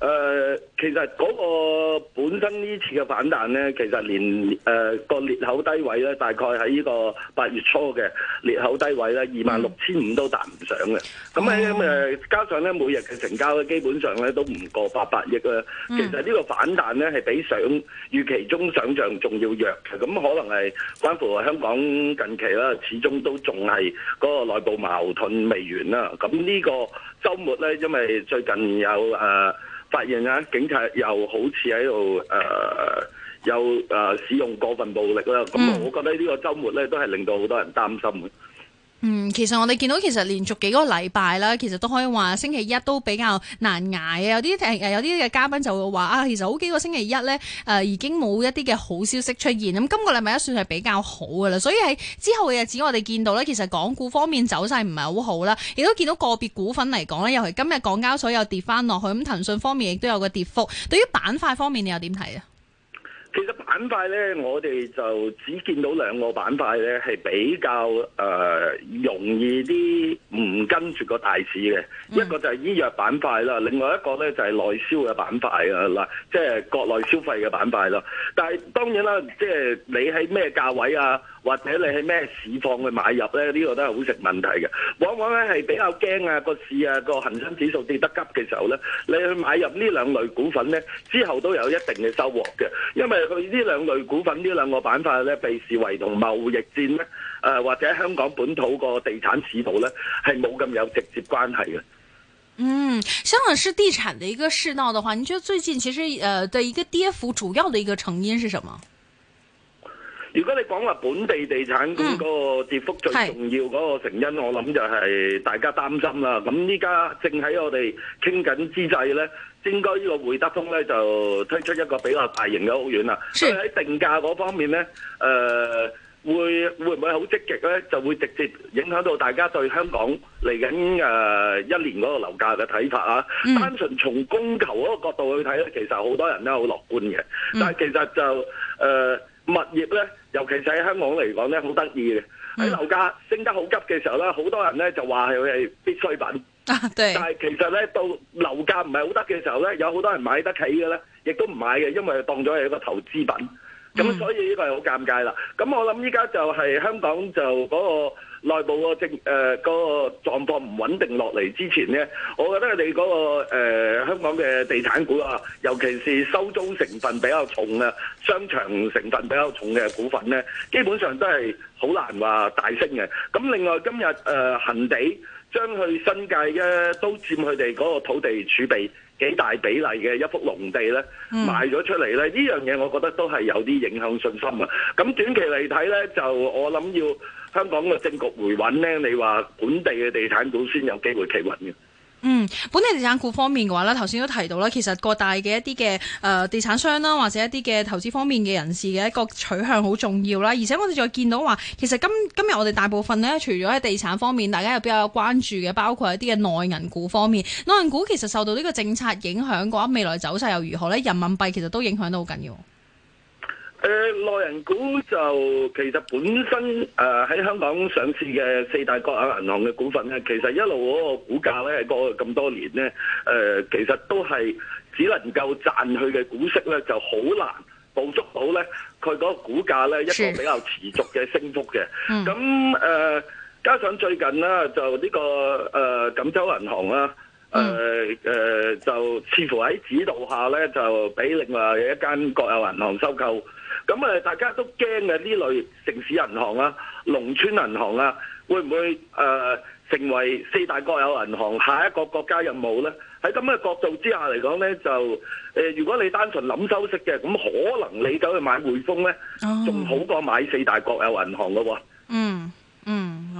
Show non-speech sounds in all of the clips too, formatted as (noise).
誒、呃，其實嗰個本身呢次嘅反彈咧，其實連誒、呃、個裂口低位咧，大概喺呢個八月初嘅裂口低位咧，二萬六千五都達唔上嘅。咁誒誒，hmm. 加上咧每日嘅成交咧，基本上咧都唔過八百億啦。其實呢個反彈咧，係比想預期中想像仲要弱嘅。咁可能係關乎香港近期啦，始終都仲係嗰個內部矛盾未完啦。咁呢個週末咧，因為最近有誒。呃發現啊，警察又好似喺度誒，又、呃呃、使用過分暴力啦，咁、嗯、我覺得這個呢個周末咧都係令到好多人擔心嘅。嗯，其實我哋見到其實連續幾個禮拜啦，其實都可以話星期一都比較難捱啊。有啲有啲嘅嘉賓就會話啊，其實好幾個星期一咧，誒、呃、已經冇一啲嘅好消息出現。咁今個禮拜一算係比較好噶啦，所以喺之後嘅日子我哋見到咧，其實港股方面走勢唔係好好啦，亦都見到個別股份嚟講咧，尤其今日港交所又跌翻落去，咁騰訊方面亦都有個跌幅。對於板塊方面，你又點睇啊？其實板塊咧，我哋就只見到兩個板塊咧，係比較誒、呃、容易啲唔跟住個大市嘅。一個就係醫藥板塊啦，另外一個咧就係內銷嘅板塊啊，嗱，即係國內消費嘅板塊咯。但係當然啦，即係你喺咩價位啊？或者你係咩市況去買入咧？呢、呢個都係好成問題嘅。往往咧係比較驚啊，個市啊，個恒生指數跌得急嘅時候咧，你去買入呢兩類股份咧，之後都有一定嘅收穫嘅。因為佢呢兩類股份，呢兩個板塊咧，被視為同貿易戰咧誒、呃、或者香港本土個地產市道咧係冇咁有直接關係嘅。嗯，香港市地產嘅一個市道嘅話，你覺得最近其實誒嘅一個跌幅主要嘅一個成因係什麼？如果你講話本地地產股個跌幅最重要嗰個成因，嗯、是我諗就係大家擔心啦。咁依家正喺我哋傾緊之際呢，應該呢個會德豐呢就推出一個比較大型嘅屋苑啦。是所以喺定價嗰方面呢，誒、呃、會會唔會好積極呢？就會直接影響到大家對香港嚟緊誒一年嗰個樓價嘅睇法啊。嗯、單純從供求嗰個角度去睇咧，其實好多人都好樂觀嘅，嗯、但係其實就誒。呃物業咧，尤其是喺香港嚟講咧，好得意嘅。喺樓價升得好急嘅時候咧，好多人咧就話佢係必需品。啊，對。但係其實咧，到樓價唔係好得嘅時候咧，有好多人買得起嘅咧，亦都唔買嘅，因為當咗係一個投資品。咁所以呢個係好尷尬啦。咁我諗依家就係香港就嗰個。內部個政誒個狀況唔穩定落嚟之前呢，我覺得佢哋嗰、那個誒、呃、香港嘅地產股啊，尤其是收租成分比較重嘅、商場成分比較重嘅股份呢，基本上都係好難話大升嘅。咁另外今日誒恆地將佢新界嘅都佔佢哋嗰個土地儲備幾大比例嘅一幅農地呢，賣咗、嗯、出嚟呢，呢樣嘢我覺得都係有啲影響信心啊。咁短期嚟睇呢，就我諗要。香港嘅政局回穩呢，你話本地嘅地產股先有機會企穩嘅。嗯，本地地產股方面嘅話呢，頭先都提到啦，其實各大嘅一啲嘅誒地產商啦，或者一啲嘅投資方面嘅人士嘅一個取向好重要啦。而且我哋再見到話，其實今今日我哋大部分呢，除咗喺地產方面，大家又比較有關注嘅，包括一啲嘅內銀股方面。內銀股其實受到呢個政策影響嘅話，未來走勢又如何呢？人民幣其實都影響得好緊要。誒、呃、內人股就其實本身誒喺、呃、香港上市嘅四大國有銀行嘅股份咧，其實一路嗰個股價咧，過去咁多年咧，誒、呃、其實都係只能夠賺佢嘅股息咧，就好難捕捉到咧佢嗰個股價咧一個比較持續嘅升幅嘅。咁誒是、呃、加上最近呢就呢、這個誒錦、呃、州銀行啦，誒、呃、誒、嗯呃、就似乎喺指導下咧，就俾另外一間國有銀行收購。咁大家都驚嘅呢類城市銀行啊、農村銀行啊，會唔會誒、呃、成為四大國有銀行下一個國家任務呢？喺咁嘅角度之下嚟講呢，就、呃、如果你單純諗收息嘅，咁可能你走去買匯豐呢，仲好過買四大國有銀行嘅喎、哦。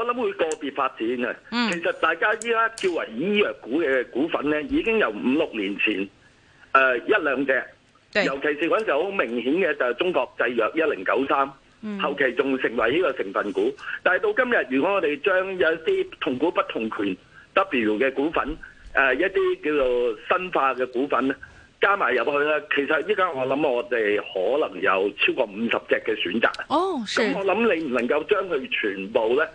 我諗會個別發展嘅，其實大家依家叫為醫藥股嘅股份咧，已經由五六年前誒、呃、一兩隻，對尤其是嗰陣時好明顯嘅就係中國製藥一零九三，後期仲成為呢個成分股。但係到今日，如果我哋將一啲同股不同權 W 嘅股份，誒、呃、一啲叫做新化嘅股份咧，加埋入去咧，其實依家我諗我哋可能有超過五十隻嘅選擇。哦、oh，咁我諗你唔能夠將佢全部咧。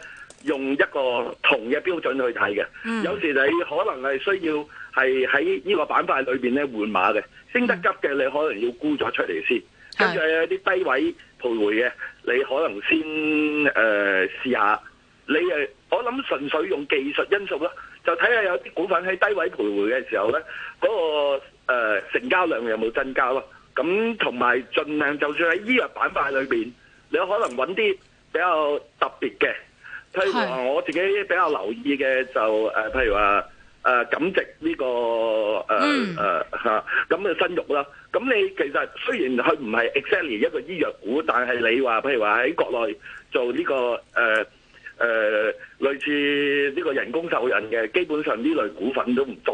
用一個同嘅標準去睇嘅，嗯、有時你可能係需要係喺呢個板塊裏邊咧換馬嘅，嗯、升得急嘅你可能要沽咗出嚟先，跟住的有啲低位徘徊嘅，你可能先誒、呃、試下。你誒，我諗純粹用技術因素咯，就睇下有啲股份喺低位徘徊嘅時候咧，嗰、那個、呃、成交量有冇增加咯。咁同埋盡量，就算喺呢個板塊裏邊，你可能揾啲比較特別嘅。譬如話，我自己比較留意嘅是就誒，譬如話誒，感值呢、這個誒誒嚇，咁嘅生育啦。咁、嗯啊、你其實雖然佢唔係 exactly 一個醫藥股，但係你話譬如話喺國內做呢、這個誒誒、呃呃，類似呢個人工受孕嘅，基本上呢類股份都唔多。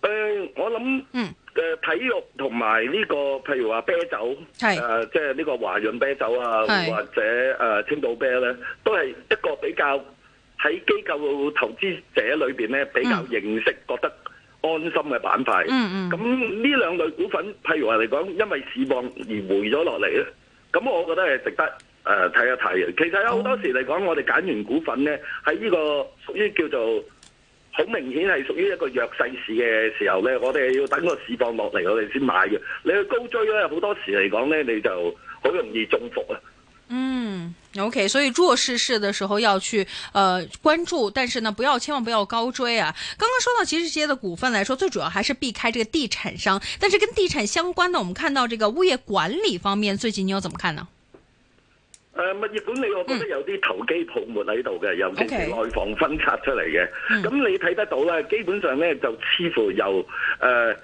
誒、呃，我諗嘅體育同埋呢個，譬如話啤酒，係即係呢個華潤啤酒啊，是或者誒、呃、青島啤咧，都係一個比較喺機構投資者裏邊咧比較認識、嗯、覺得安心嘅板塊。咁呢兩類股份，譬如話嚟講，因為市況而回咗落嚟咧，咁我覺得係值得誒睇、呃、一睇。其實有好多時嚟講，我哋揀完股份咧，喺呢個屬於叫做。好明顯係屬於一個弱勢市嘅時候咧，我哋要等個市況落嚟，我哋先買嘅。你去高追咧，好多時嚟講咧，你就好容易中伏啦。嗯，OK，所以弱勢市嘅時候要去，誒、呃、關注，但是呢，不要千萬不要高追啊！剛剛說到其實這些的股份來說，最主要還是避開這個地產商。但是跟地產相關呢，我們看到這個物業管理方面，最近你有怎麼看呢？誒物業管理，我覺得有啲投機泡沫喺度嘅，嗯、尤其是內房分拆出嚟嘅。咁、嗯、你睇得到咧，基本上咧就似乎由誒呢、呃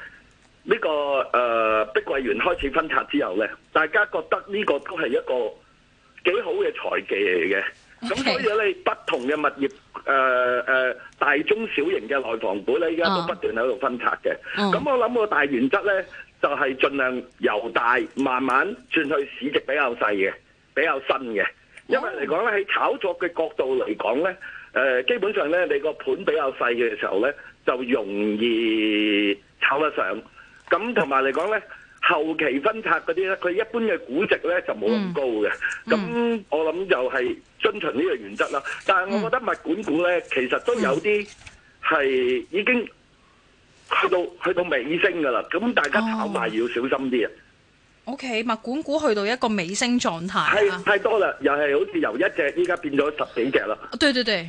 這個誒、呃、碧桂園開始分拆之後咧，大家覺得呢個都係一個幾好嘅財技嚟嘅。咁、嗯、所以呢，不同嘅物業誒誒、呃呃、大中小型嘅內房股咧，依家都不斷喺度分拆嘅。咁、嗯、我諗個大原則咧，就係、是、盡量由大慢慢轉去市值比較細嘅。比較新嘅，因為嚟講咧，喺炒作嘅角度嚟講咧，誒、呃、基本上咧，你個盤比較細嘅時候咧，就容易炒得上。咁同埋嚟講咧，後期分拆嗰啲咧，佢一般嘅估值咧就冇咁高嘅。咁我諗又係遵循呢個原則啦。但係我覺得物管股咧，其實都有啲係已經去到去到尾聲噶啦。咁大家炒埋要小心啲啊！哦 ok，物管股去到一個尾聲狀態，係太多啦，又係好似由一隻依家變咗十幾隻啦，啊、對對對。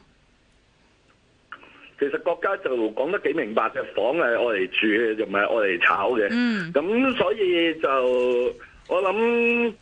其實國家就講得幾明白，隻房係愛嚟住，唔係愛嚟炒嘅。咁、嗯、所以就我諗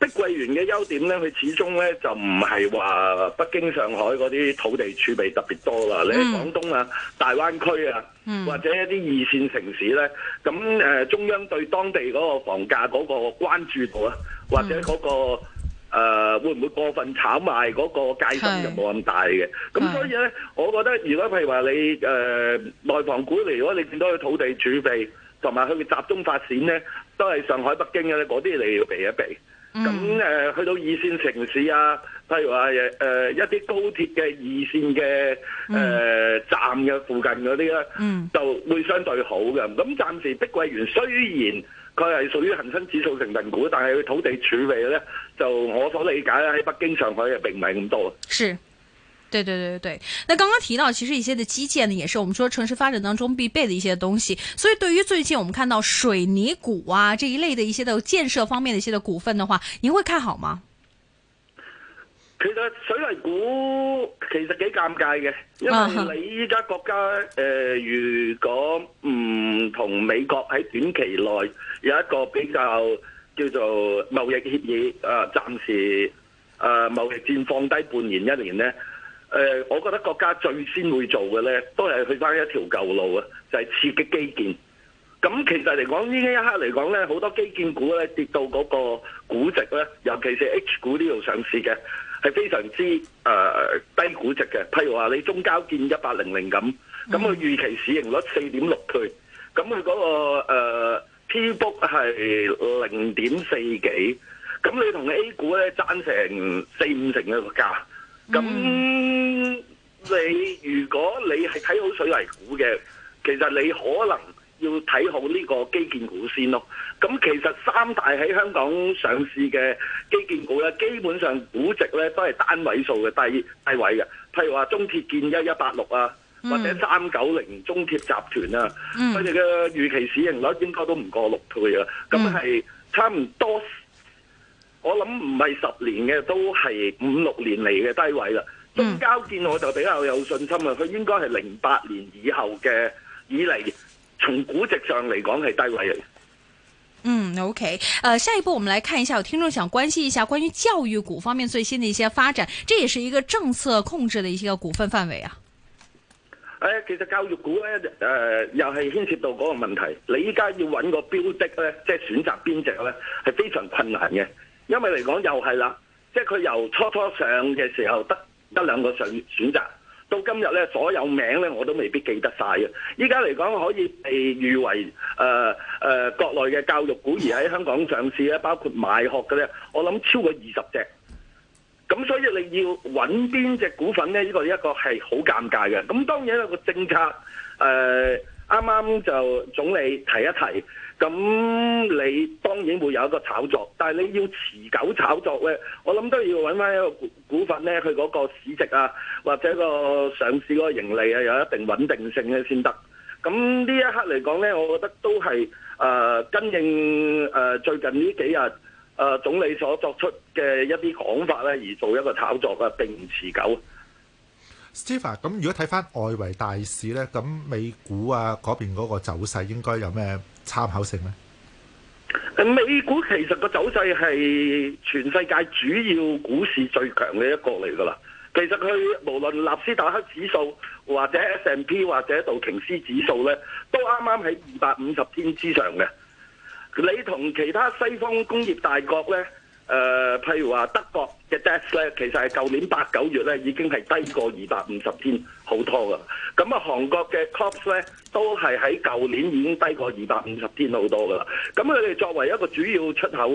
碧桂園嘅優點咧，佢始終咧就唔係話北京、上海嗰啲土地儲備特別多啦。嗯、你喺廣東啊、大灣區啊，嗯、或者一啲二線城市咧，咁誒、呃、中央對當地嗰個房價嗰個關注度啊，嗯、或者嗰、嗰個。誒、呃、會唔會過分炒賣嗰個階段就冇咁大嘅，咁是 所以咧，是 我覺得如果譬如話你誒、呃、內房股嚟，如果你見到佢嘅土地儲備同埋佢集中發展咧，都係上海、北京嘅咧，嗰啲你要避一避。咁誒、嗯呃，去到二線城市啊。譬如話誒一啲高鐵嘅二線嘅誒站嘅附近嗰啲咧，就會相對好嘅。咁、嗯、暫時碧桂園雖然佢係屬於恒生指數成分股，但係佢土地儲備咧，就我所理解喺北京、上海嘅並唔係咁多。是，對對對對對。那剛剛提到，其實一些的基建呢，也是我們說城市發展當中必備的一些東西。所以對於最近我們看到水泥股啊這一類的一些的建設方面的一些的股份的話，您會看好嗎？其實水泥股其實幾尷尬嘅，因為你依家國家誒、呃，如果唔同美國喺短期內有一個比較叫做貿易協議誒，暫、啊、時誒貿、啊、易戰放低半年一年咧，誒、呃，我覺得國家最先會做嘅咧，都係去翻一條舊路啊，就係、是、刺激基建。咁其實嚟講，呢一刻嚟講咧，好多基建股咧跌到嗰個估值咧，尤其是 H 股呢度上市嘅。係非常之誒、呃、低估值嘅，譬如話你中交建一八零零咁，咁佢預期市盈率四點六倍，咁佢嗰個誒、呃、P book 係零點四幾，咁你同 A 股咧爭成四五成嘅個價，咁你如果你係睇好水泥股嘅，其實你可能。要睇好呢個基建股先咯。咁其實三大喺香港上市嘅基建股咧，基本上估值咧都係單位數嘅低低位嘅。譬如話中鐵建一一八六啊，或者三九零中鐵集團啊，佢哋嘅預期市盈率應該都唔過六倍啊。咁係、嗯、差唔多，我諗唔係十年嘅，都係五六年嚟嘅低位啦。中交建我就比較有信心啊，佢應該係零八年以後嘅以嚟。從估值上嚟講係低位嘅、嗯，嗯，OK，誒、呃，下一步我們來看一下，有聽眾想關心一下關於教育股方面最新的一些發展，這也是一個政策控制的一些股份範圍啊。誒、呃，其實教育股咧，誒、呃，又係牽涉到嗰個問題，你依家要揾個標的咧，即係選擇邊隻咧，係非常困難嘅，因為嚟講又係啦，即係佢由初初上嘅時候得得兩個上選擇。到今日咧，所有名咧我都未必記得晒嘅。依家嚟講，可以被譽為誒誒、呃呃、國內嘅教育股而喺香港上市咧，包括買學嘅咧，我諗超過二十隻。咁所以你要揾邊隻股份咧？呢個一個係好尷尬嘅。咁當然一個政策誒，啱啱就總理提一提。咁你當然會有一個炒作，但係你要持久炒作咧，我諗都要揾翻一個股份咧，佢嗰個市值啊，或者個上市個盈利啊，有一定穩定性咧先得。咁呢一刻嚟講咧，我覺得都係誒跟應誒最近呢幾日誒、呃、總理所作出嘅一啲講法咧，而做一個炒作啊，並唔持久。Stephen，咁如果睇翻外圍大市咧，咁美股啊嗰邊嗰個走勢應該有咩參考性咧？美股其實個走勢係全世界主要股市最強嘅一個嚟噶啦。其實佢無論納斯達克指數或者 S&P 或者道瓊斯指數咧，都啱啱喺二百五十天之上嘅。你同其他西方工業大國咧？誒、呃，譬如話德國嘅 DAX 咧，其實係舊年八九月咧已經係低過二百五十天好多噶。咁啊，韓國嘅 KOSPI 咧都係喺舊年已經低過二百五十天好多噶啦。咁佢哋作為一個主要出口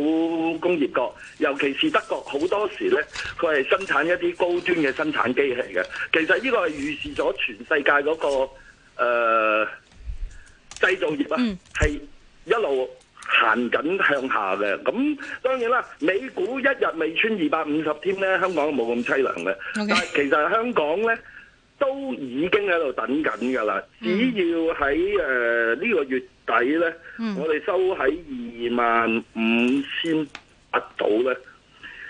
工業國，尤其是德國，好多時咧佢係生產一啲高端嘅生產機器嘅。其實呢個係預示咗全世界嗰、那個、呃、製造業啊，係、嗯、一路行緊向下嘅，咁當然啦，美股一日未穿二百五十天咧，香港冇咁凄涼嘅。Okay. 但係其實香港咧都已經喺度等緊㗎啦，只要喺誒呢個月底咧，嗯、我哋收喺二萬五千八度咧，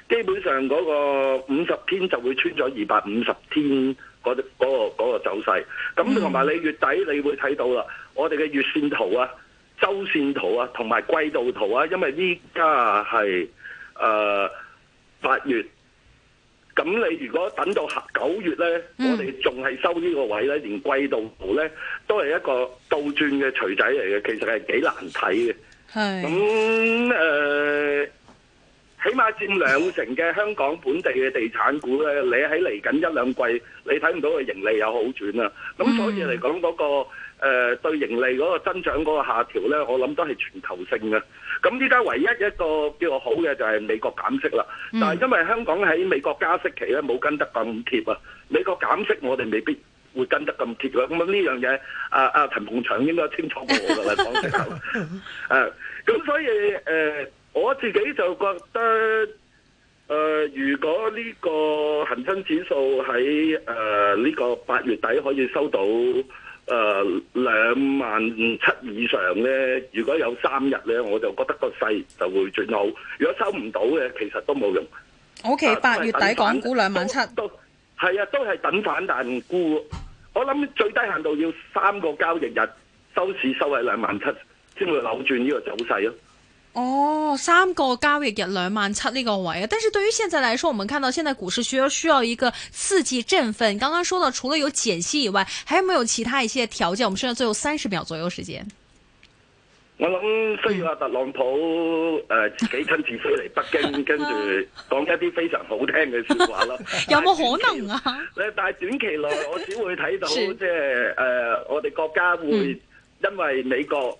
基本上嗰個五十天就會穿咗二百五十天嗰、嗰、嗰、個嗰個嗰個走勢。咁同埋你月底你會睇到啦，我哋嘅月線圖啊。週線圖啊，同埋季度圖啊，因為依家係誒八月，咁你如果等到九月呢，嗯、我哋仲係收呢個位呢，連季度圖呢，都係一個倒轉嘅錘仔嚟嘅，其實係幾難睇嘅。係咁誒，起碼佔兩成嘅香港本地嘅地產股呢，你喺嚟緊一兩季，你睇唔到佢盈利有好轉啊。咁所以嚟講嗰個。嗯誒、呃，對盈利嗰個增長嗰個下調咧，我諗都係全球性嘅。咁依家唯一一個比較好嘅就係美國減息啦。嗯、但係因為香港喺美國加息期咧，冇跟得咁貼啊。美國減息我哋未必會跟得咁貼嘅、啊。咁樣呢樣嘢，阿阿、啊啊、陳鳳祥應該清楚過我噶啦。講實話。誒，咁、 (laughs) 啊、所以誒、呃，我自己就覺得誒、呃，如果呢個恒生指數喺誒呢個八月底可以收到。誒、呃、兩萬七以上咧，如果有三日咧，我就覺得個勢就會轉好。如果收唔到嘅，其實都冇用。O K，八月底反港股兩萬七，都係啊，都係等反彈沽。我諗最低限度要三個交易日收市收喺兩萬七，先會扭轉呢個走勢咯、啊。哦，三個交易日兩萬七呢個位，但是對於現在來說，我們看到現在股市需要需要一個刺激振奮。剛剛說到，除了有減息以外，還有沒有其他一些條件？我們剩下最後三十秒左右時間，我諗需要阿特朗普誒、呃、自己親自飛嚟北京， (laughs) 跟住講一啲非常好聽嘅說話咯。 (laughs) 有冇可能啊？但係短期內我只會睇到即係誒，我哋國家會因為美國。嗯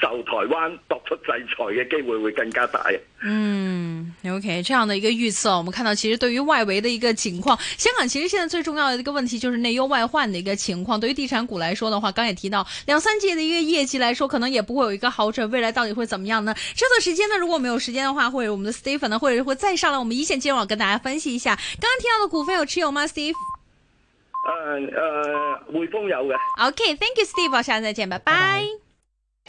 受台灣作出制裁嘅機會會更加大。嗯，OK，這樣的一個預測，我們看到其實對於外圍的一個情況，香港其實現在最重要的一個問題就是內憂外患的一個情況。對於地產股來說的話，剛才也提到兩三季的一個業績來說，可能也不會有一個好轉，未來到底會怎麼樣呢？這個時間呢，如果沒有時間的話，會我們的 Stephen 呢，或者會再上來，我們一線金融跟大家分析一下。剛剛提到的股份有持有嗎？Steve? Steve 嗯，呃誒，匯豐有嘅。OK，Thank you，Steven 下次再見，拜拜。Bye bye